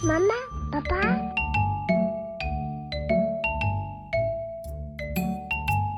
媽媽，爸爸。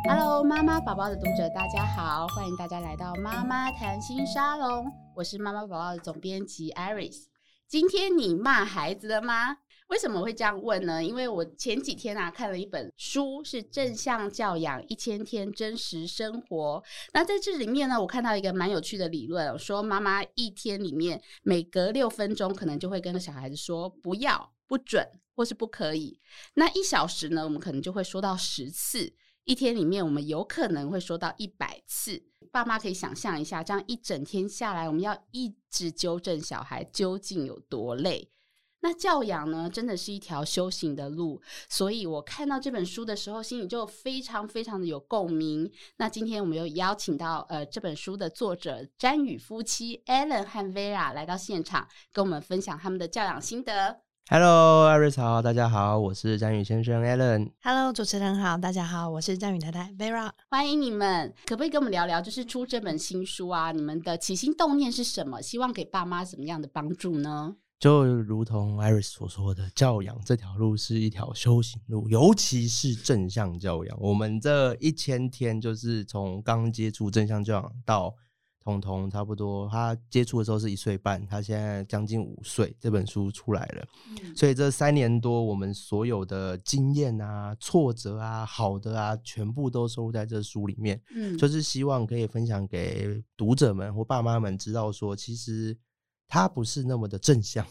Hello，媽媽寶寶的讀者，大家好，歡迎大家來到媽媽談心沙龍。我是媽媽寶寶的總編輯 Iris，今天你罵孩子了嗎？為什麼會這樣問呢？因為我前幾天啊看了一本書，是《正向教養一千天真實生活》。那在這裡面呢，我看到一個蠻有趣的理論哦，說媽媽一天裡面每隔六分鐘，可能就會跟小孩子說“不要”“不准”或是“不可以”。那一小時呢，我們可能就會說到十次；一天裡面，我們有可能會說到一百次。爸媽可以想象一下，這樣一整天下來，我們要一直糾正小孩，究竟有多累？那教養呢，真的是一條修行的路，所以我看到這本書的時候，心裡就非常非常的有共鳴。那今天我們又邀請到呃這本書的作者詹宇夫妻 Alan 和 Vera 來到現場，跟我們分享他們的教養心得。Hello，Iris 好，大家好，我是詹宇先生 Alan。Hello，主持人好，大家好，我是詹宇太太 Vera。歡迎你們。可不可以跟我們聊聊，就是出這本新書啊，你們的起心動念是什麼？希望給爸媽什麼樣的幫助呢？就如同 Iris 所說的，教養這條路是一條修行路，尤其是正向教養。我們這一千天，就是從剛接觸正向教養到彤彤，差不多他接觸的時候是一歲半，他現在將近五歲，這本書出來了。嗯。所以這三年多，我們所有的經驗啊、挫折啊、好的啊，全部都收入在這書裡面。嗯。就是希望可以分享給讀者們或爸媽們知道，說其實。他不是那麼的正向，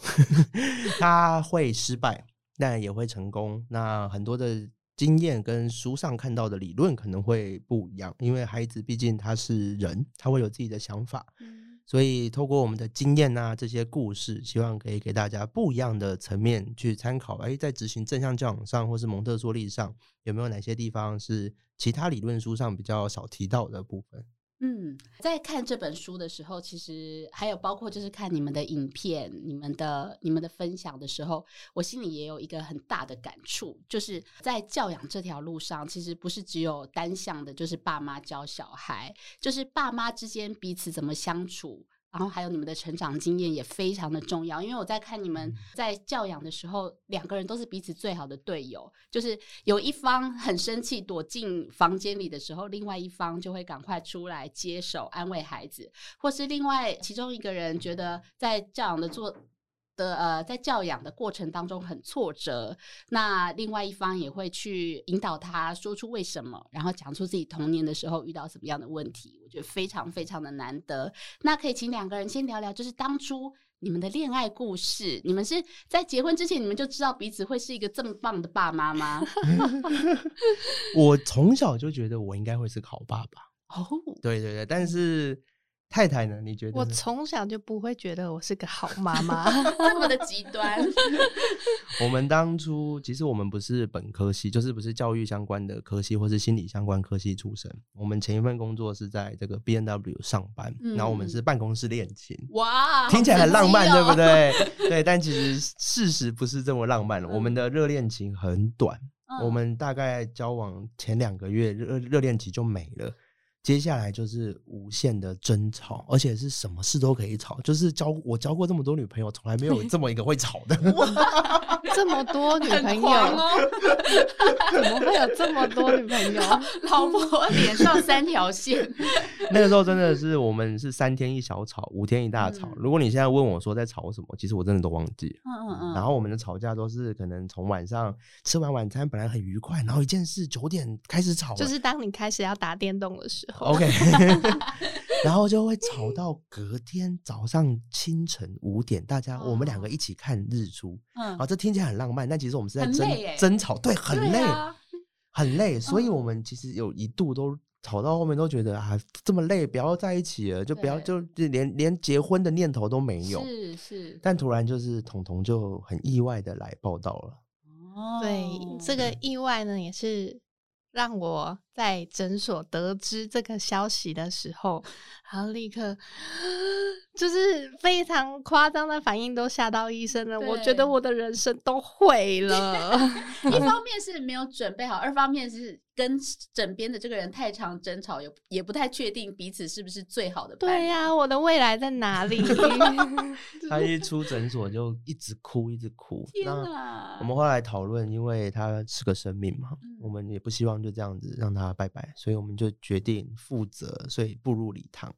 他會失敗，但也會成功。那很多的經驗跟書上看到的理論可能會不一樣，因為孩子畢竟他是人，他會有自己的想法。所以透過我們的經驗啊，這些故事，希望可以給大家不一樣的層面去參考。哎、欸，在執行正向教養上，或是蒙特梭利上，有沒有哪些地方是其他理論書上比較少提到的部分？嗯，在看這本書的時候，其實還有包括就是看你們的影片、你們的、你們的分享的時候，我心裡也有一個很大的感觸，就是在教養這條路上，其實不是只有單向的，就是爸媽教小孩，就是爸媽之間彼此怎麼相處。然後還有你們的成長經驗也非常的重要，因為我在看你們在教養的時候，兩個人都是彼此最好的隊友。就是有一方很生氣躲進房間裡的時候，另外一方就會趕快出來接手安慰孩子，或是另外其中一個人覺得在教養的做。的呃，在教養的過程當中很挫折，那另外一方也會去引導他說出為什麼，然後講出自己童年的時候遇到什麼樣的問題，我覺得非常非常的難得。那可以請兩個人先聊聊，就是當初你們的戀愛故事，你們是在結婚之前你們就知道彼此會是一個這麼棒的爸媽嗎？ 我從小就覺得我應該會是個好爸爸，Oh. 對對對，但是。太太呢？你覺得，我從小就不會覺得我是個好媽媽，那 麼的極端。 我們當初其實我們不是本科系，就是不是教育相關的科系，或是心理相關科系出身。我們前一份工作是在這個 B N W 上班，嗯，然後我們是辦公室戀情。哇，聽起來很浪漫，哦，對不對？對，但其實事實不是這麼浪漫，嗯、我們的熱戀情很短，嗯，我們大概交往前兩個月，熱熱戀期就沒了。接下來就是無限的爭吵，而且是什麼事都可以吵。就是交我交過這麼多女朋友，從來沒有這麼一個會吵的。 這麼多女朋友，哦、 怎麼會有這麼多女朋友？老，老婆臉 上三條線。那個時候真的是我們是三天一小吵，五天一大吵。嗯、如果你現在問我說在吵什麼，其實我真的都忘記了嗯嗯嗯，嗯。然後我們的吵架都是可能從晚上吃完晚餐本來很愉快，然後一件事九點開始吵，就是當你開始要打電動的時候。 OK， 然後就會吵到隔天早上清晨五點，大家、嗯、我們兩個一起看日出。嗯，啊，這聽起來很浪漫，但其實我們是在爭、欸、爭吵，對，很累、啊、很累。所以我們其實有一度都吵到後面都覺得、嗯、啊，這麼累，不要在一起了，就不要，就連連結婚的念頭都沒有。是是，但突然就是彤彤就很意外的來報到了。哦，對，這個意外呢，也是讓我。在診所得知這個消息的時候，然後立刻就是非常誇張的反應都，都嚇到醫生了。我覺得我的人生都毀了。 一方面是沒有準備好， 二方面是跟枕邊的這個人太常爭吵，也也不太確定彼此是不是最好的朋友。對呀、啊，我的未來在哪裡？ 他一出診所就一直哭，一直哭。啊、那我們後來討論，因為他是個生命嘛、嗯，我們也不希望就這樣子讓他。啊，拜拜！所以我們就決定負責，所以步入禮堂。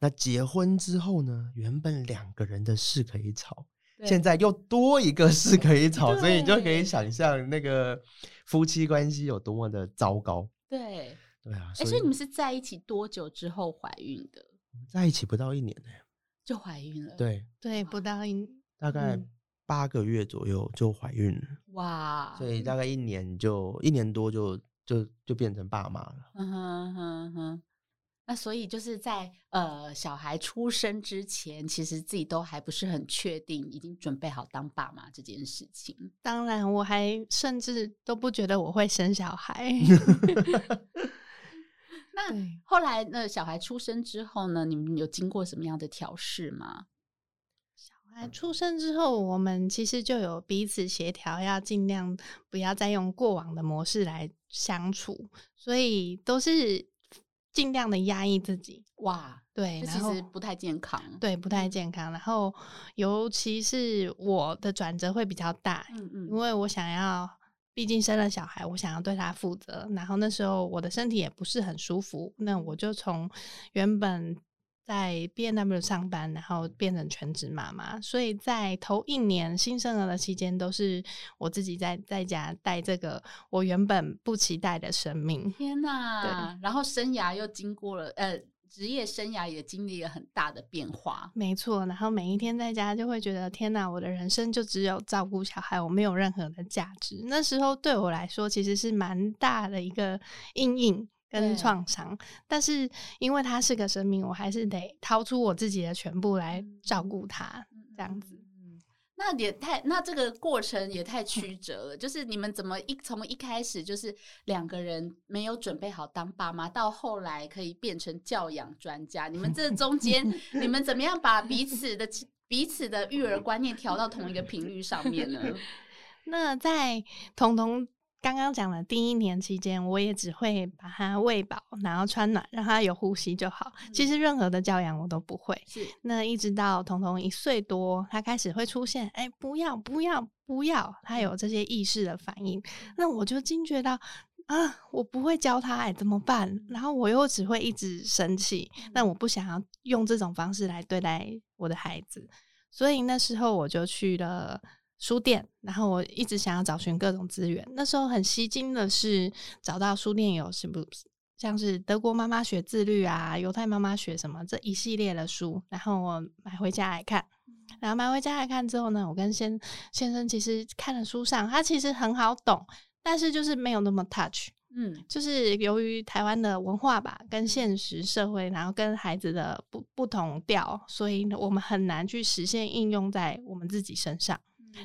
那結婚之後呢？原本兩個人的事可以吵，現在又多一個事可以吵，所以你就可以想象那個夫妻關係有多麼的糟糕。對，對啊。哎、欸，所以你們是在一起多久之後懷孕的？在一起不到一年呢、欸，就懷孕了。對對，不到一年，大概八個月左右就懷孕了。哇！所以大概一年就一年多就。就就變成爸媽了，嗯哼哼、嗯、哼。那所以就是在呃小孩出生之前，其實自己都還不是很確定，已經準備好當爸媽這件事情。當然，我還甚至都不覺得我會生小孩。 那後來那小孩出生之後呢？你們有經過什麼樣的調適嗎？出生之後，我們其實就有彼此協調，要盡量不要再用過往的模式來相處，所以都是盡量的壓抑自己。哇，對，然後，這其實不太健康，對，不太健康。然後，尤其是我的轉折會比較大，嗯嗯，因為我想要，畢竟生了小孩，我想要對他負責。然後那時候我的身體也不是很舒服，那我就從原本。在 B M W 上班，然後變成全職媽媽，所以在頭一年新生兒的期間，都是我自己在在家帶這個我原本不期待的生命。天吶，對，然後生涯又經過了，呃，職業生涯也經歷了很大的變化。沒錯，然後每一天在家就會覺得天吶，我的人生就只有照顧小孩，我沒有任何的價值。那時候對我來說，其實是蠻大的一個陰影。跟創傷，但是因為他是個生命，我還是得掏出我自己的全部來照顧他，這樣子。嗯，那也太那這個過程也太曲折了。 就是你們怎麼一從一開始就是兩個人沒有準備好當爸媽，到後來可以變成教養專家，你們這中間 你們怎麼樣把彼此的彼此的育兒觀念調到同一個頻率上面呢？ 那在彤彤。剛剛講的第一年期間，我也只會把他餵飽，然後穿暖，讓他有呼吸就好。其實任何的教養我都不會。是、嗯、那一直到彤彤一歲多，他開始會出現，哎，不要，不要，不要，他有這些意識的反應。嗯、那我就驚覺到，啊，我不會教他，哎、欸，怎麼辦、嗯？然後我又只會一直生氣，那、嗯、我不想要用這種方式來對待我的孩子。所以那時候我就去了。書店，然後我一直想要找尋各種資源。那時候很吸睛的是，找到書店有什麼，像是德國媽媽學自律啊、猶太媽媽學什麼這一系列的書，然後我買回家來看。然後買回家來看之後呢，我跟先生先生，其實看了書上，他其實很好懂，但是就是沒有那麼 touch。嗯，就是由於台灣的文化吧，跟現實社會，然後跟孩子的不不同調，所以我們很難去實現應用在我們自己身上。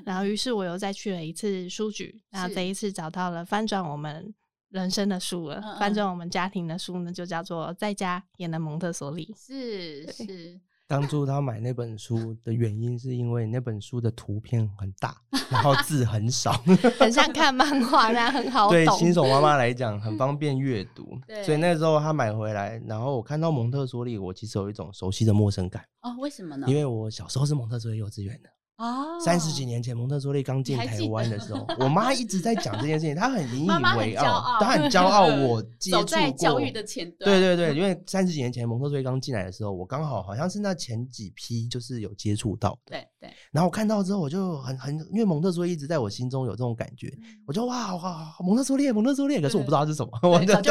然後，於是我又再去了一次書局。然後這一次找到了翻轉我們人生的書了，嗯嗯，翻轉我們家庭的書呢，就叫做在家也能蒙特梭利。是是。當初他買那本書的原因，是因為那本書的圖片很大， 然後字很少， 很像看漫畫，那樣 很好玩。對新手媽媽來講，很方便閱讀，嗯對。所以那時候他買回來，然後我看到蒙特梭利，我其實有一種熟悉的陌生感。哦，為什麼呢？因為我小時候是蒙特梭利幼稚園的。啊，三十幾年前蒙特梭利剛進台灣的時候，我媽一直在講這件事情， 她很引以為傲，媽媽很驕傲，她很驕傲。對對對，我接觸過。走在教育的前端，對對對，因為三十幾年前蒙特梭利剛進來的時候，我剛好好像是那前幾批，就是有接觸到，對。對，然後我看到之後我就很很，因為蒙特梭利一直在我心中有這種感覺，嗯、我就哇，蒙特梭利，蒙特梭利，可是我不知道它是什麼，對，早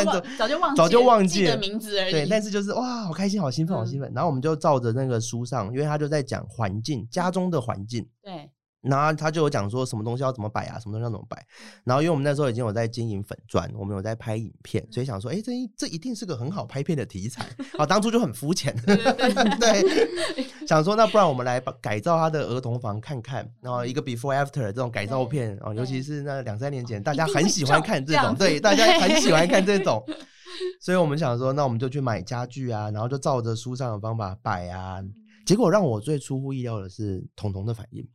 就忘、早就忘記了名字而已。對，但是就是哇，好開心，好興奮、嗯，好興奮。然後我們就照着那個書上，因為他就在講環境，家中的環境，對。然後他就有講說，什麼東西要怎麼擺啊，什麼東西要怎麼擺。然後因為我們那時候已經有在經營粉專，我們有在拍影片，所以想說，哎，這一這一定是個很好拍片的題材。啊、 哦，當初就很膚淺 對 對，對。想說，那不然我們來把改造他的兒童房看看，然後一個 before after 這種改造片啊、哦，尤其是那兩三年前，哦、年前大家很喜歡看這種對對，對，大家很喜歡看這種。所以我們想說，那我們就去買家具啊，然後就照着書上的方法擺啊。結果讓我最出乎意料的是童童的反應。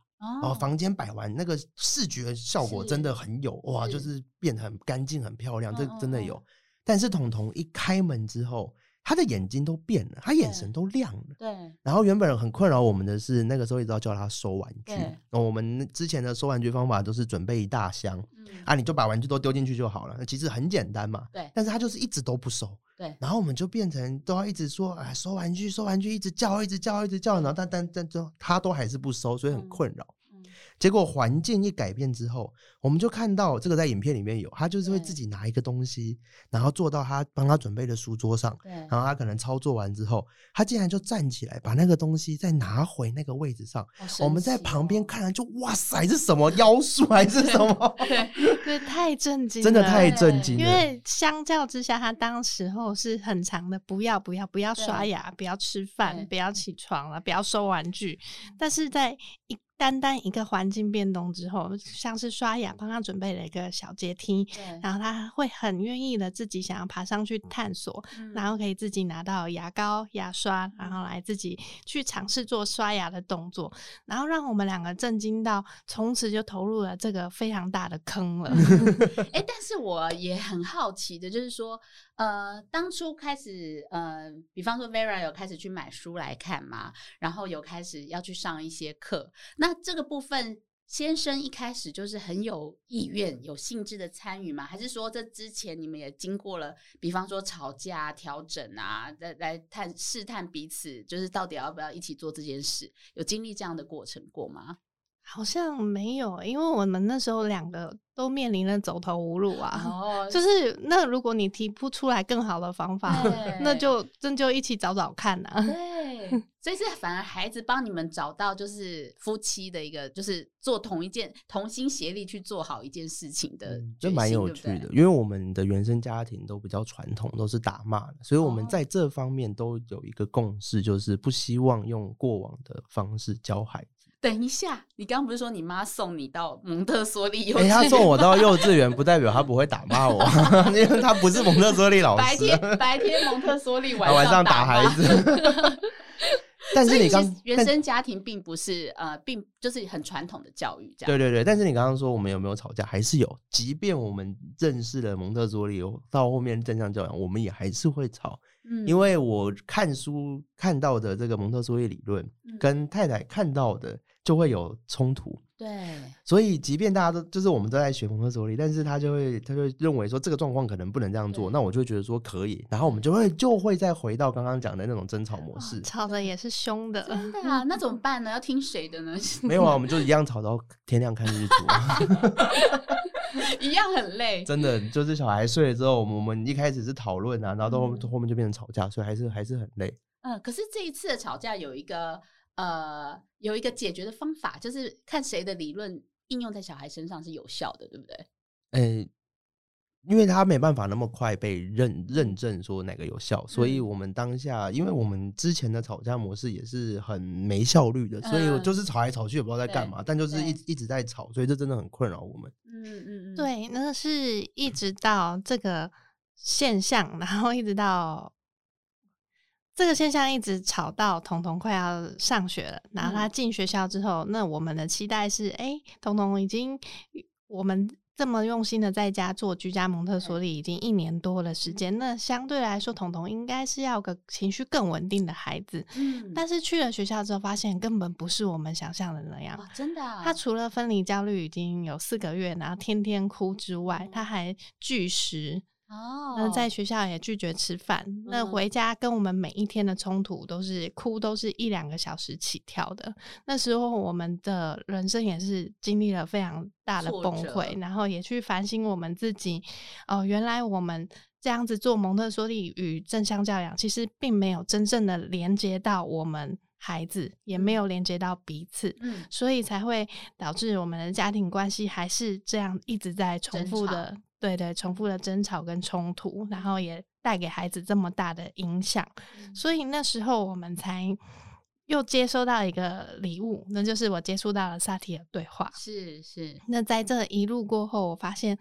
哦，房間擺完，哦、那個視覺效果真的很有哇，就是變得很乾淨、很漂亮，這真的有。嗯、但是彤彤一開門之後，他的眼睛都變了，他眼神都亮了。對。然後原本很困擾我們的是，那個時候一直要叫他收玩具。我們之前的收玩具方法都是準備一大箱，嗯、啊，你就把玩具都丟進去就好了。那其實很簡單嘛。對。但是他就是一直都不收。對，然後我們就變成都要一直說，啊，收玩具，收玩具，一直叫，一直叫，一直叫。然後但但但就他都還是不收，所以很困擾。嗯嗯。結果環境一改變之後，我們就看到這個在影片裡面有，他就是會自己拿一個東西，然後坐到他幫他準備的書桌上，然後他可能操作完之後，他竟然就站起來把那個東西再拿回那個位置上。喔、我們在旁邊看了就哇塞，這是什麼妖術 還是什麼？ 對， 對，太震驚，真的太震驚。因為相較之下，他當時候是很常的不，不要不要不要刷牙，不要吃飯，不要起床了、啊，不要收玩具。但是在一單單一個環境變動之後，像是刷牙。幫他準備了一個小階梯，然後他會很願意的自己想要爬上去探索，嗯、然後可以自己拿到牙膏、牙刷、嗯，然後來自己去嘗試做刷牙的動作，然後讓我們兩個震驚到從此就投入了這個非常大的坑了。哎、 欸，但是我也很好奇的，就是說，呃，當初開始，呃，比方說 Vera 有開始去買書來看嘛，然後有開始要去上一些課，那這個部分，先生一開始就是很有意願、有興致的參與嗎？還是說這之前你們也經過了，比方說吵架、調整啊，來來探試探彼此，就是到底要不要一起做這件事？有經歷這樣的過程過嗎？好像沒有，因為我們那時候兩個都面臨了走投無路啊。哦。就是那如果你提不出來更好的方法，那就真就一起找找看啊。 所以是反而孩子幫你們找到，就是夫妻的一個，就是做同一件同心協力去做好一件事情的，這、嗯、蠻有趣的，對對。因為我們的原生家庭都比較傳統，都是打罵的，所以我們在這方面都有一個共識，哦、就是不希望用過往的方式教孩子。等一下，你剛剛不是說你媽送你到蒙特梭利幼稚？哎、欸，他送我到幼稚園，不代表她不會打罵我、啊， 因為她不是蒙特梭利老師、啊。白天白天蒙特梭利，晚上打孩子。 但是你剛原生家庭並不是呃，並就是很傳統的教育這樣。對對對，但是你剛剛說我們有沒有吵架，還是有。即便我們認識了蒙特梭利，到後面正向教養，我們也還是會吵。嗯，因為我看書看到的這個蒙特梭利理論，嗯，跟太太看到的，嗯。就會有衝突，對，所以即便大家都就是我們都在學蒙特梭利，但是他就會他就會認為說這個狀況可能不能這樣做，那我就會覺得說可以，然後我們就會就會再回到剛剛講的那種爭吵模式，哦、吵的也是凶的，對啊，那怎麼辦呢？要聽誰的呢？ 沒有啊，我們就一樣吵到天亮看日出， 一樣很累。真的就是小孩睡了之後，我們，我們一開始是討論啊，然後到後後面就變成吵架，所以還是、嗯、還是很累。嗯，可是這一次的吵架有一個。呃，有一個解決的方法，就是看誰的理論應用在小孩身上是有效的，對不對？嗯、欸、因為他沒辦法那麼快被認認證說哪個有效、嗯，所以我們當下，因為我們之前的吵架模式也是很沒效率的，嗯、所以我就是吵來吵去也不知道在幹嘛、嗯，但就是一一直在吵，所以這真的很困擾我們。嗯嗯嗯，對，那是一直到這個現象，然後一直到。這個現象一直吵到彤彤快要上學了，然後他進學校之後、嗯，那我們的期待是：哎、欸，彤彤已經我們這麼用心的在家做居家蒙特梭利已經一年多的時間、嗯，那相對來說，彤彤應該是要個情緒更穩定的孩子、嗯。但是去了學校之後，發現根本不是我們想象的那樣。真的、啊，他除了分離焦慮已經有四個月，然後天天哭之外，嗯、他還拒食。哦，那在學校也拒絕吃飯，那回家跟我們每一天的衝突都是哭，都是一兩個小時起跳的。那時候我們的人生也是經歷了非常大的崩潰，然後也去反省我們自己。哦，呃，原來我們這樣子做蒙特梭利與正向教養，其實並沒有真正的連接到我們孩子，也沒有連接到彼此，嗯，所以才會導致我們的家庭關係還是這樣一直在重複的。對對，重複的爭吵跟衝突，然後也帶給孩子這麼大的影響。嗯。所以那時候我們才又接收到一個禮物，那就是我接觸到了薩提爾對話。是是，那在這一路過後，我發現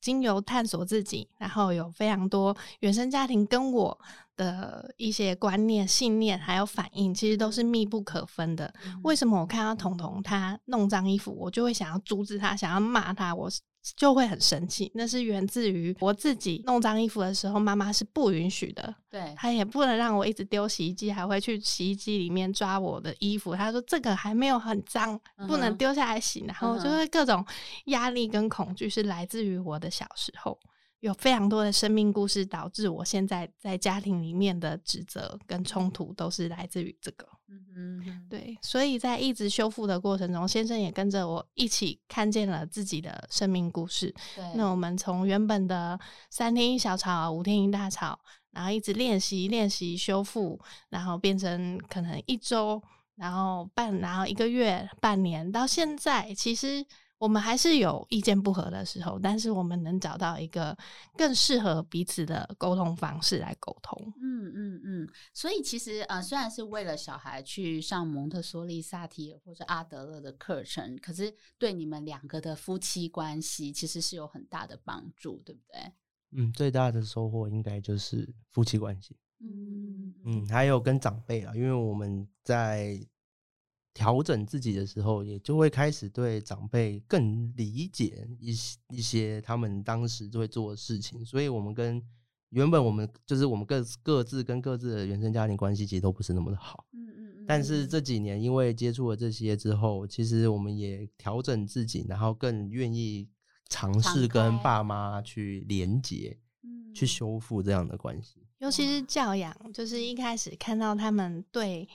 經由探索自己，然後有非常多原生家庭跟我的一些觀念、信念還有反應，其實都是密不可分的。嗯。為什麼我看到彤彤她弄髒衣服，我就會想要阻止她，想要罵她？我。就會很生氣，那是源自於我自己弄髒衣服的時候，媽媽是不允許的。對，她也不能讓我一直丟洗衣機，還會去洗衣機裡面抓我的衣服。她說這個還沒有很髒，嗯、不能丟下來洗。然後我就會各種壓力跟恐懼，是來自於我的小時候，有非常多的生命故事，導致我現在在家庭裡面的指責跟衝突都是來自於這個。嗯嗯，對，所以在一直修復的過程中，先生也跟着我一起看見了自己的生命故事。對，那我們從原本的三天一小吵，五天一大吵，然後一直練習練習修復，然後變成可能一周，然後半，然後一個月、半年，到現在，其實，我們還是有意見不合的時候，但是我們能找到一個更適合彼此的溝通方式來溝通。嗯嗯嗯。所以其實呃，雖然是為了小孩去上蒙特梭利、薩提爾或者阿德勒的課程，可是對你們兩個的夫妻關係其實是有很大的幫助，對不對？嗯，最大的收穫應該就是夫妻關係。嗯嗯，還有跟長輩啊，因為我們在。調整自己的時候，也就會開始對長輩更理解一些，一些他們當時就會做的事情。所以，我們跟原本我們就是我們各各自跟各自的原生家庭關係，其實都不是那麼的好。嗯嗯嗯。但是這幾年，因為接觸了這些之後，其實我們也調整自己，然後更願意嘗試跟爸媽去連接，去修復這樣的關係。嗯。尤其是教養，嗯，就是一開始看到他們對。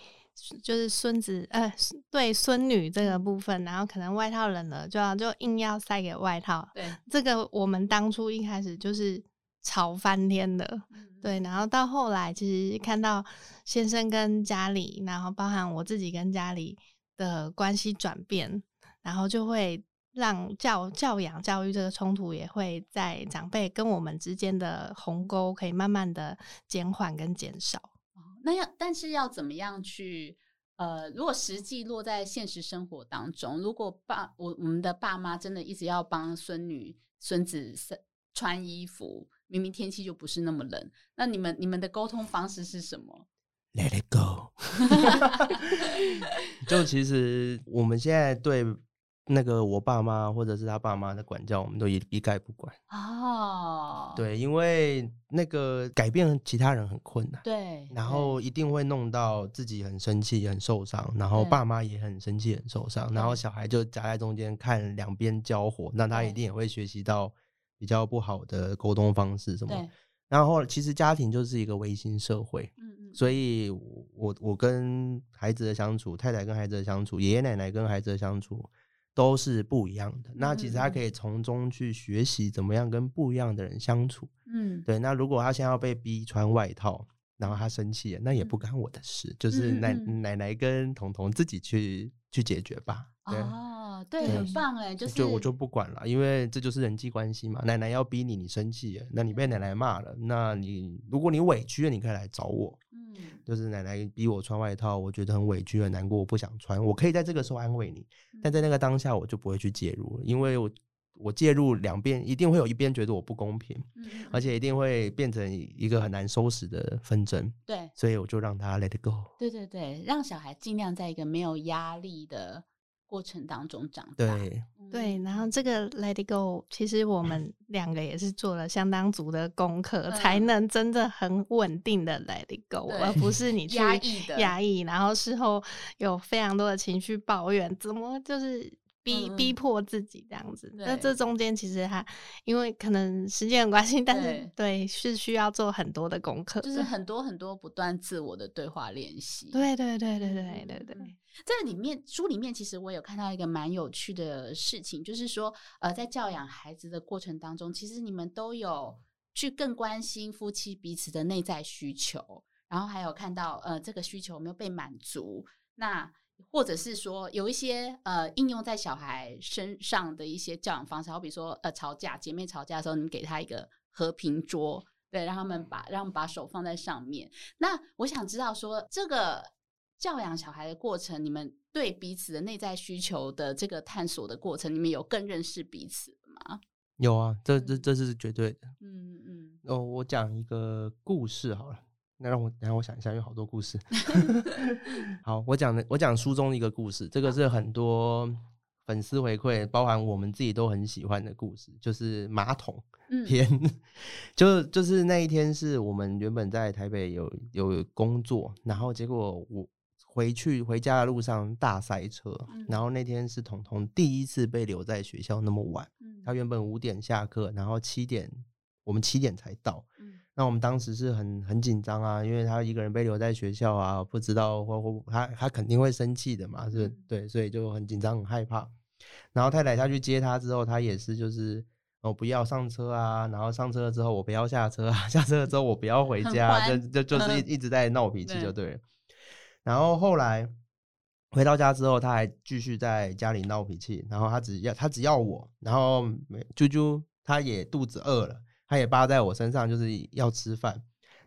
就是孫子，呃，對孫女這個部分，然後可能外套冷了，就要，啊、就硬要塞給外套。對，這個我們當初一開始就是吵翻天的。嗯嗯，對。然後到後來，其實看到先生跟家裡，然後包含我自己跟家裡的關係轉變，然後就會讓教教養、教育這個衝突，也會在長輩跟我們之間的鴻溝，可以慢慢的減緩跟減少。那要，但是要怎麼樣去？呃，如果實際落在現實生活當中，如果爸我我們的爸媽真的一直要幫孫女、孫子穿衣服，明明天氣就不是那麼冷，那你們你們的溝通方式是什麼？Let it go。 就其實我們現在，對。那個我爸媽或者是他爸媽的管教，我們都一一概不管啊、oh.。對，因為那個改變其他人很困難。對。然後一定會弄到自己很生氣、很受傷，然後爸媽也很生氣、很受傷，然後小孩就夾在中間看兩邊交火，那他一定也會學習到比較不好的溝通方式什麼的。然後其實家庭就是一個微型社會。嗯嗯。所以我我跟孩子的相處，太太跟孩子的相處，爺爺奶奶跟孩子的相處。都是不一樣的。那其實他可以從中去學習怎麼樣跟不一樣的人相處。嗯，對。那如果他現在要被逼穿外套，然後他生氣，那也不干我的事，嗯、就是奶奶奶跟彤彤自己去去解決吧。對。哦對，很棒哎、嗯，就是，對，我就不管了，因為這就是人際關係嘛、嗯。奶奶要逼你，你生氣，那你被奶奶罵了，那你如果你委屈了，你可以來找我。嗯，就是奶奶逼我穿外套，我覺得很委屈、很難過，我不想穿，我可以在這個時候安慰你。嗯、但在那個當下，我就不會去介入，因為我，我介入兩邊一定會有一邊覺得我不公平，嗯嗯，而且一定會變成一個很難收拾的紛爭。對，所以我就讓他 let it go。對，對對對，讓小孩儘量在一個沒有壓力的。過程當中長大。對、嗯，對，然後這個 let it go，其實我們兩個也是做了相當足的功課、嗯，才能真的很穩定的 let it go，而不是你去壓抑的,壓抑，然後事後有非常多的情緒抱怨，怎麼就是。逼逼迫自己這樣子，那、嗯、這中間其實他因為可能時間很關心，但是對,對是需要做很多的功課，就是很多很多不斷自我的對話練習。對對對對對對對、嗯，在、嗯、裡面書裡面其實我有看到一個蠻有趣的事情，就是說呃，在教養孩子的過程當中，其實你們都有去更關心夫妻彼此的內在需求，然後還有看到呃這個需求有沒有被滿足，那。或者是說有一些呃應用在小孩身上的一些教養方式，好比說呃吵架、姐妹吵架的時候，你們給她一個和平桌，對，讓他們把，讓他們把手放在上面。那我想知道說，這個教養小孩的過程，你們對彼此的內在需求的這個探索的過程，你們有更認識彼此嗎？有啊，這這、嗯、這是絕對的。嗯嗯嗯。哦，我講一個故事好了。那讓我，讓我想一下，有好多故事。 好，我講的，我講書中一個故事，這個是很多粉絲回饋，包含我們自己都很喜歡的故事，就是馬桶篇、嗯。就就是那一天，是我們原本在台北有有工作，然後結果我回去回家的路上大塞車、嗯，然後那天是彤彤第一次被留在學校那麼晚。他原本五點下課，然後七點，我們七點才到。嗯那我們當時是很很緊張啊，因為他一個人被留在學校啊，不知道或或他他肯定會生氣的嘛，是不是？對，所以就很緊張很害怕。然後太太下去接他之後，他也是就是哦不要上車啊，然後上車了之後我不要下車啊，下車了之後我不要回家，就就就是一呵呵一直在鬧脾氣就對，對。然後後來回到家之後，他還繼續在家裡鬧脾氣，然後他只要他只要我，然後沒就就他也肚子餓了。他也扒在我身上，就是要吃飯。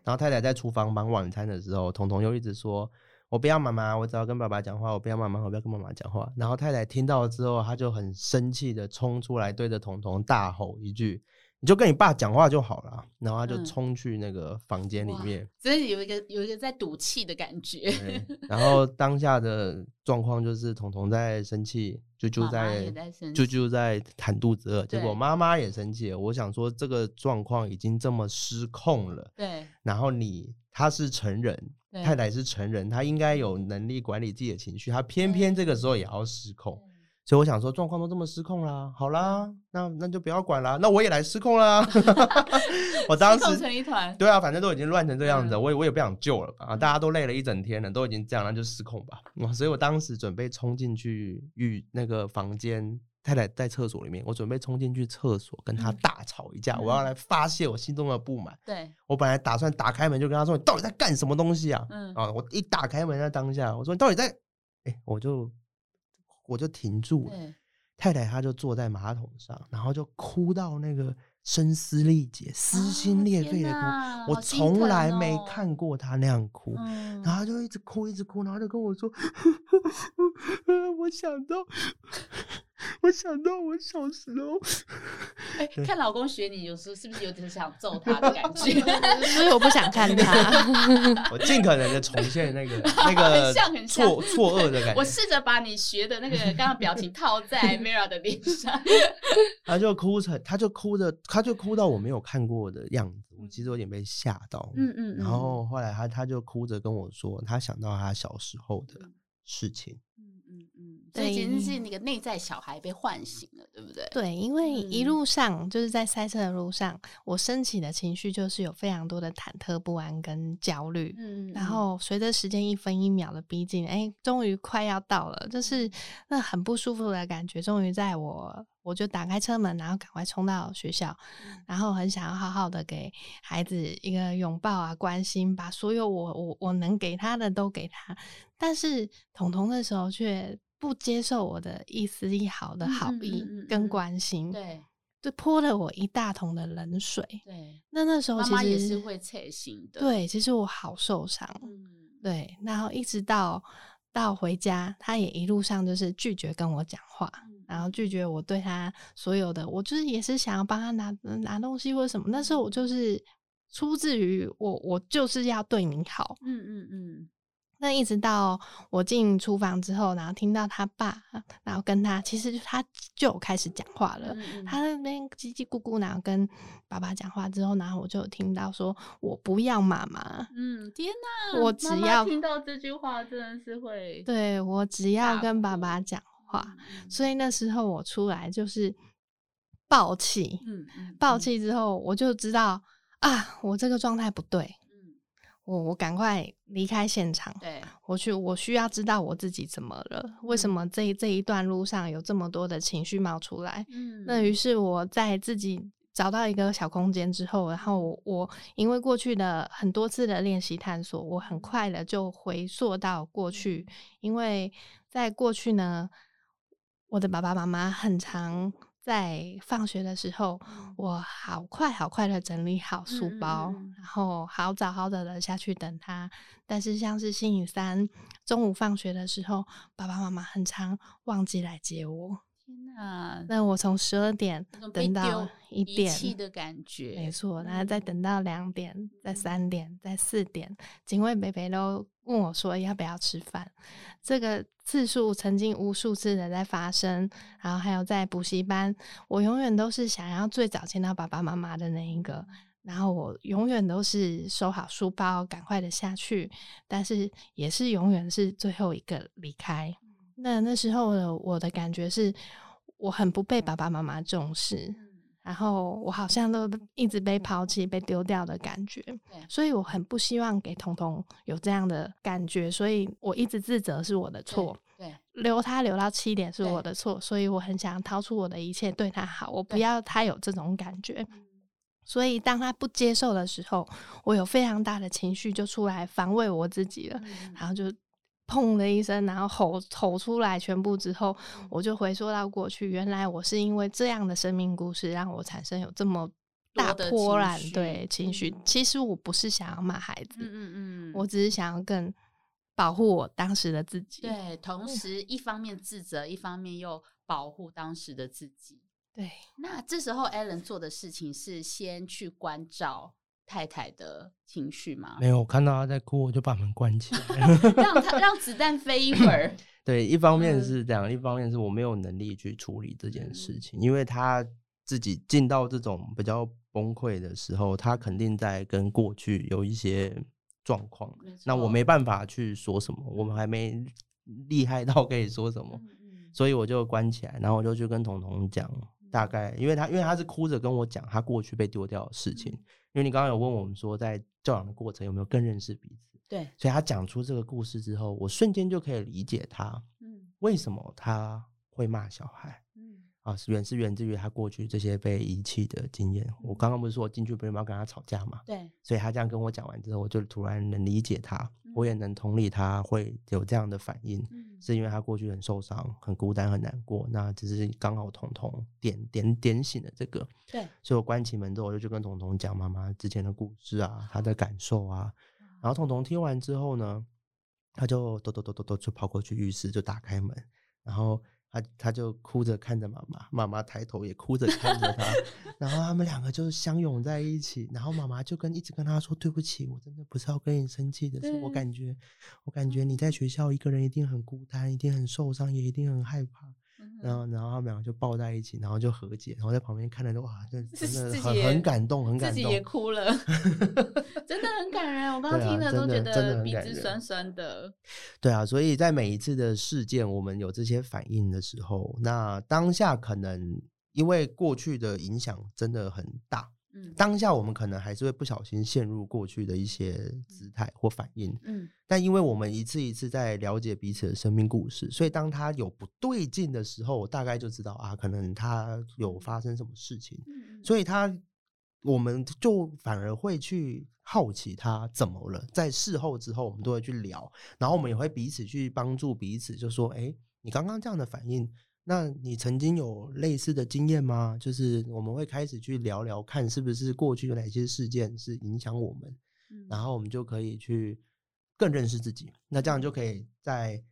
然後太太在廚房忙晚餐的時候，彤彤又一直說：“我不要媽媽，我只要跟爸爸講話。我不要媽媽，我不要跟媽媽講話。”然後太太聽到了之後，他就很生氣的衝出來，對着彤彤大吼一句。你就跟你爸講話就好了，然後他就衝去那個房間裡面，嗯，所以有一個有一個在賭氣的感覺。然後當下的狀況就是彤彤在生氣，就就在就就在談肚子餓，結果媽媽也生氣。我想說，這個狀況已經這麼失控了，對。然後你他是成人，太太是成人，他應該有能力管理自己的情緒，他偏偏這個時候也要失控。所以我想說，狀況都這麼失控啦，好啦，那那就不要管啦，那我也來失控啦。 我當時 失控成一團，對啊，反正都已經亂成這樣子，我也我也不想救了啊！大家都累了一整天了，都已經這樣，那就失控吧。啊、所以我當時準備衝進去浴那個房間，太太在廁所裡面，我準備衝進去廁所跟她大吵一架，嗯、我要來發洩我心中的不滿。對，我本來打算打開門就跟她說，你到底在幹什麼東西啊？嗯啊，我一打開門在當下，我說你到底在？哎、欸，我就。我就停住了，太太她就坐在馬桶上，然後就哭到那個聲嘶力竭，撕心裂肺的哭。啊，我從來沒看過她那樣哭，哦，然後就一直哭，一直哭，然後就跟我說，嗯、 我想到動笑。我想到我小時候、欸，看老公學你，有時候是不是有點想揍他的感覺？所 以我不想看他。 我盡可能的重現那個 那個錯 錯錯 愕的感覺。 我試着把你學的那個剛剛表情套在 Mira 的臉上 他，他就哭成，他就哭着，他就哭到我沒有看過的樣子。我其實有點被嚇到。嗯嗯。然後後來他他就哭着跟我說，他想到他小時候的事情。 嗯嗯嗯，所以簡直是那個內在小孩被喚醒了對，對不對？對，因為一路上、嗯、就是在塞車的路上，我升起的情緒就是有非常多的忐忑不安跟焦慮。嗯嗯，然後隨着時間一分一秒的逼近，哎，終於快要到了，就是那很不舒服的感覺，終於在我。我就打開車門，然後趕快衝到學校，然後很想要好好的給孩子一個擁抱啊，關心，把所有我我我能給他的都給他。但是童童那時候卻不接受我的一絲一毫的好意跟關心，嗯嗯嗯對，就潑了我一大桶的冷水。對，那那時候其實媽媽也是會切心的，對，其實我好受傷、嗯嗯，對，然後一直到。到回家，他也一路上就是拒絕跟我講話，然後拒絕我對他所有的。我就是也是想要幫他拿拿東西或什麼，但是我就是出自於我，我就是要對你好。嗯嗯嗯。那一直到我進廚房之後，然後聽到他爸，然後跟他，其實他就開始講話了。嗯、他那邊嘰嘰咕咕咕，然後跟爸爸講話之後，然後我就有聽到說：“我不要媽媽。”嗯，天吶，我只要媽媽聽到這句話，真的是會，對，我只要跟爸爸講話。所以那時候我出來就是爆氣，嗯嗯、爆氣之後我就知道啊，我這個狀態不對。我我趕快離開現場，對，我去我需要知道我自己怎麼了，為什麼這一、嗯、這一段路上有這麼多的情緒冒出來？嗯，那於是我在自己找到一個小空間之後，然後我，我因為過去的很多次的練習探索，我很快的就回溯到過去，嗯、因為在過去呢，我的爸爸媽媽很常在放學的時候，我好快好快的整理好書包，嗯嗯嗯，然後好早好早的下去等他。但是像是星期三中午放學的時候，爸爸媽媽很常忘記來接我。啊！那我從十二點等到一點，棄的感覺沒錯，然後再等到兩點、嗯、點，再三點，再四點，警衛伯伯都問我說要不要吃飯。這個次數曾經無數次的在發生，然後還有在補習班，我永遠都是想要最早見到爸爸媽媽的那一個，然後我永遠都是收好書包，趕快的下去，但是也是永遠是最後一個離開。那那時候我的，我的感覺是，我很不被爸爸媽媽重視，嗯，然後我好像都一直被拋棄，嗯，被丟掉的感覺。所以我很不希望給彤彤有這樣的感覺，所以我一直自責是我的錯。對，留他留到七點是我的錯，所以我很想掏出我的一切對他好，我不要他有這種感覺。所以當他不接受的時候，我有非常大的情緒就出來防衛我自己了，嗯嗯。然後就。.砰的一聲，然後吼吼出來全部之後，我就回溯到過去。原來我是因為這樣的生命故事，讓我產生有這麼大波瀾。對情緒、嗯，其實我不是想要罵孩子，嗯嗯，嗯我只是想要更保護我當時的自己。對，同時一方面自責，嗯、一方面又保護當時的自己。對，那這時候 Allen 做的事情是先去關照。太太的情緒嗎？沒有，我看到他在哭，我就把門關起來 讓，讓他讓子彈飛一會兒 。對，一方面是這樣，嗯，一方面是我沒有能力去處理這件事情，嗯、因為他自己進到這種比較崩潰的時候，他肯定在跟過去有一些狀況，那我沒辦法去說什麼，我們還沒厲害到可以說什麼嗯嗯，所以我就關起來，然後我就去跟彤彤講。大概，因為他，因為他是哭着跟我講他過去被丟掉的事情。嗯、因為你剛剛有問我們說，在教養的過程有沒有更認識彼此？對，所以他講出這個故事之後，我瞬間就可以理解他，為什麼他會罵小孩。啊，源是源自於他過去這些被遺棄的經驗，嗯。我剛剛不是說，我進去不是要跟他吵架嘛？對，所以他這樣跟我講完之後，我就突然能理解他，嗯，我也能同理他會有這樣的反應，嗯、是因為他過去很受傷、很孤單、很難過。那只是剛好彤彤點點點醒了這個。對，所以我關起門之後，我就去跟彤彤講媽媽之前的故事啊，啊他的感受啊，啊。然後彤彤聽完之後呢，他就咚咚咚咚咚就跑過去浴室，就打開門，然後，他他就哭着看着媽媽，媽媽抬頭也哭着看着他， 然後他們兩個就相擁在一起，然後媽媽就跟一直跟他說對不起，我真的不是要跟你生氣的，是我感覺，我感覺你在學校一個人一定很孤單，一定很受傷，也一定很害怕。然後，然後他們兩個就抱在一起，然後就和解，然後在旁邊看着就哇，這真的很感動，很感動，自己也哭了， 真的很感人。我剛剛聽了、啊、都覺得鼻子酸酸的，的，的。對啊，所以在每一次的事件，我們有這些反應的時候，那當下可能因為過去的影響真的很大。嗯、當下我們可能還是會不小心陷入過去的一些姿態或反應、嗯，但因為我們一次一次在了解彼此的生命故事，所以當他有不對勁的時候，我大概就知道啊，可能他有發生什麼事情，嗯、所以他我們就反而會去好奇他怎麼了。在事後之後，我們都會去聊，然後我們也會彼此去幫助彼此，就說：“哎、欸，你剛剛這樣的反應。”那你曾經有類似的經驗嗎？就是我們會開始去聊聊看，是不是過去有哪些事件是影響我們、嗯，然後我們就可以去更認識自己。那這樣就可以在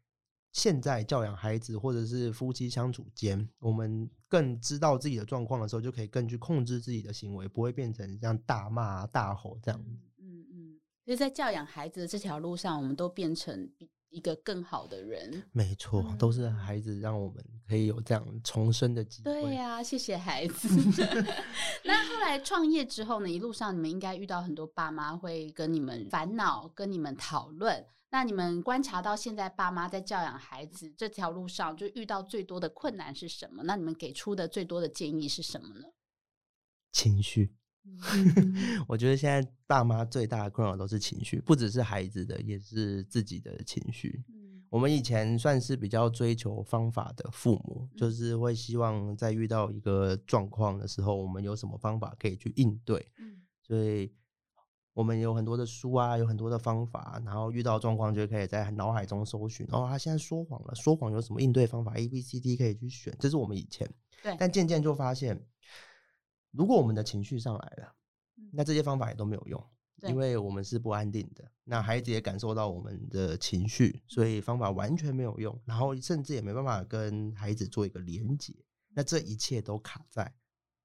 現在教養孩子或者是夫妻相處間，我們更知道自己的狀況的時候，就可以更去控制自己的行為，不會變成這樣大罵、大吼這樣。嗯嗯，就是在教養孩子的這條路上，我們都變成一個更好的人，沒錯，都是孩子讓我們可以有這樣重生的機會、嗯。對呀、啊，謝謝孩子。 那後來創業之後呢？一路上你們應該遇到很多爸媽會跟你們煩惱，跟你們討論。那你們觀察到現在，爸媽在教養孩子這條路上就遇到最多的困難是什麼？那你們給出的最多的建議是什麼呢？情緒。 我覺得現在爸媽最大的困擾都是情緒，不只是孩子的，也是自己的情緒。 我們以前算是比較追求方法的父母，就是會希望在遇到一個狀況的時候，我們有什麼方法可以去應對。 所以我們有很多的書啊，有很多的方法，然後遇到狀況就可以在腦海中搜尋。然後，哦，他現在說謊了，說謊有什麼應對方法？A、B、C、D 可以去選。這是我們以前對，但漸漸就發現。如果我們的情緒上來了，那這些方法也都沒有用，嗯，因為我們是不安定的。那孩子也感受到我們的情緒，所以方法完全沒有用，然後甚至也沒辦法跟孩子做一個連接，嗯。那這一切都卡在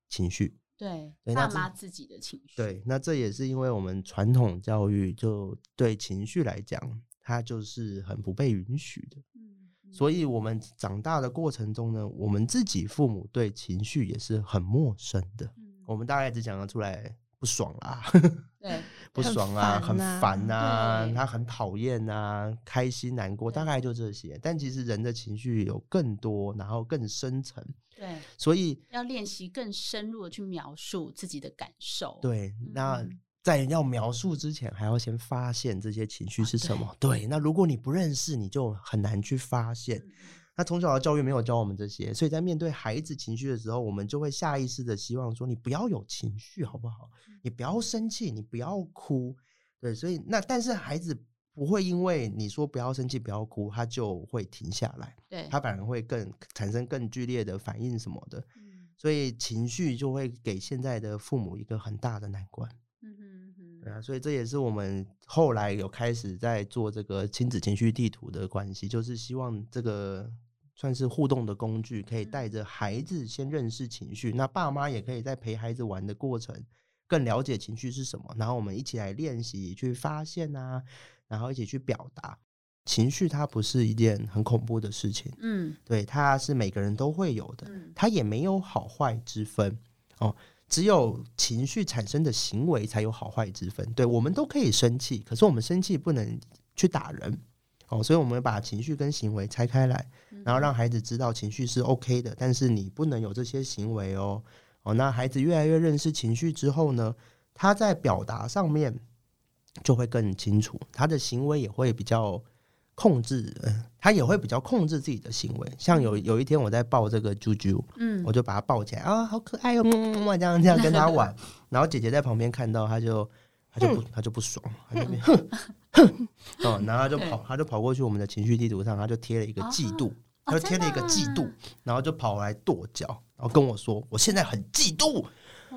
情緒，對，那媽自己的情緒，對，那這也是因為我們傳統教育就對情緒來講，它就是很不被允許的。嗯所以我們長大的過程中呢，我們自己父母對情緒也是很陌生的。嗯、我們大概只講得出來不爽啊，嗯、呵呵對，不爽啊，更煩啊，很煩啊，對對對，他很討厭啊，開心、難過，大概就這些。但其實人的情緒有更多，然後更深層。對，所以要練習更深入的去描述自己的感受。對，那。嗯在要描述之前，還要先發現這些情緒是什麼。啊，對。對，那如果你不認識，你就很難去發現。嗯、那從小的教育沒有教我們這些，所以在面對孩子情緒的時候，我們就會下意識的希望說：“你不要有情緒，好不好、嗯？你不要生氣，你不要哭。”對，所以那但是孩子不會因為你說“不要生氣，不要哭”，他就會停下來。對他反而會更產生更劇烈的反應什麼的。嗯、所以情緒就會給現在的父母一個很大的難關。啊，所以這也是我們後來有開始在做這個親子情緒地圖的關係，就是希望這個算是互動的工具，可以帶着孩子先認識情緒，那爸媽也可以在陪孩子玩的過程更了解情緒是什麼，然後我們一起來練習去發現啊，然後一起去表達情緒，它不是一件很恐怖的事情，嗯，對，它是每個人都會有的，它也沒有好壞之分，哦。只有情緒產生的行為才有好壞之分，對，我們都可以生氣，可是我們生氣不能去打人哦，所以我們把情緒跟行為拆開來，然後讓孩子知道情緒是 OK 的，但是你不能有這些行為哦。哦，那孩子越來越認識情緒之後呢，他在表達上面就會更清楚，他的行為也會比較控制，嗯，他也會比較控制自己的行為。像有有一天我在抱這個啾啾，嗯，我就把它抱起來啊、哦，好可愛喲、哦，嗯，這樣這樣跟他玩。 然後姐姐在旁邊看到他就，他就他就不、嗯、他就不爽，哼、嗯、哼、 嗯哦，哦，然後就跑，他就跑過去我們的情緒地圖上，他就貼了一個嫉妒，他就貼了一個嫉妒，然後就跑來跺腳，然後跟我說、哦：“我現在很嫉妒。”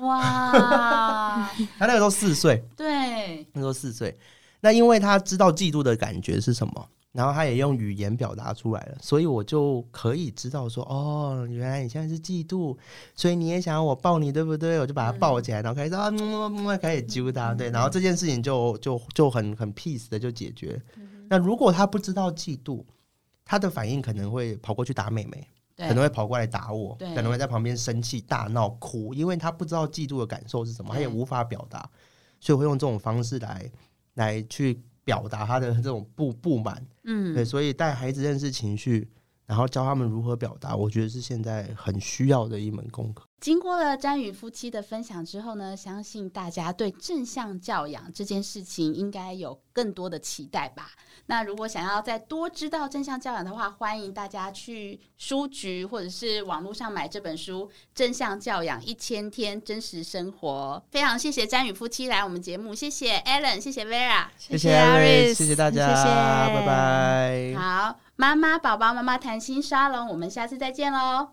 哇！ 他那個時候四歲， 對，那時候四歲。那因為他知道嫉妒的感覺是什麼。然後他也用語言表達出來了，所以我就可以知道說，哦，原來你現在是嫉妒，所以你也想要我抱你，對不對？我就把他抱起來，嗯、然後開始啊，開始揪他，對。然後這件事情就就就很很 peace 的就解決、嗯。那如果他不知道嫉妒，他的反應可能會跑過去打妹妹，可能會跑過來打我，可能會在旁邊生氣大鬧哭，因為他不知道嫉妒的感受是什麼，嗯、他也無法表達，所以會用這種方式來來去表達他的這種不不滿，嗯，對，所以帶孩子認識情緒，然後教他們如何表達，我覺得是現在很需要的一門功課。經過了詹宇夫妻的分享之後呢，相信大家對正向教養這件事情應該有更多的期待吧。那如果想要再多知道正向教養的話，歡迎大家去書局或者是網絡上買這本書《正向教養一千天真實生活》。非常謝謝詹宇夫妻來我們節目，謝謝 Alan，謝謝 Vera，謝謝 Iris，謝謝大家，謝謝，拜拜。好，媽媽寶寶媽媽談心沙龍，我們下次再見嘍。